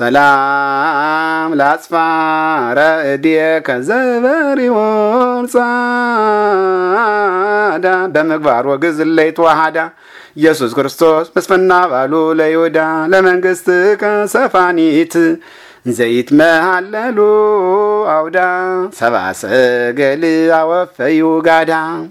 ሰላም ላጽፋረ እድየ ዘበሪውን ጻዳ በምግባር ወግዝ ለይትዋሃዳ ኢየሱስ ክርስቶስ መስፍና ባሉ ለይሁዳ ለመንግሥት ከሰፋኒት ዘይት መሃለሉ አውዳ ሰብአ ሰገል አወፈዩ ጋዳ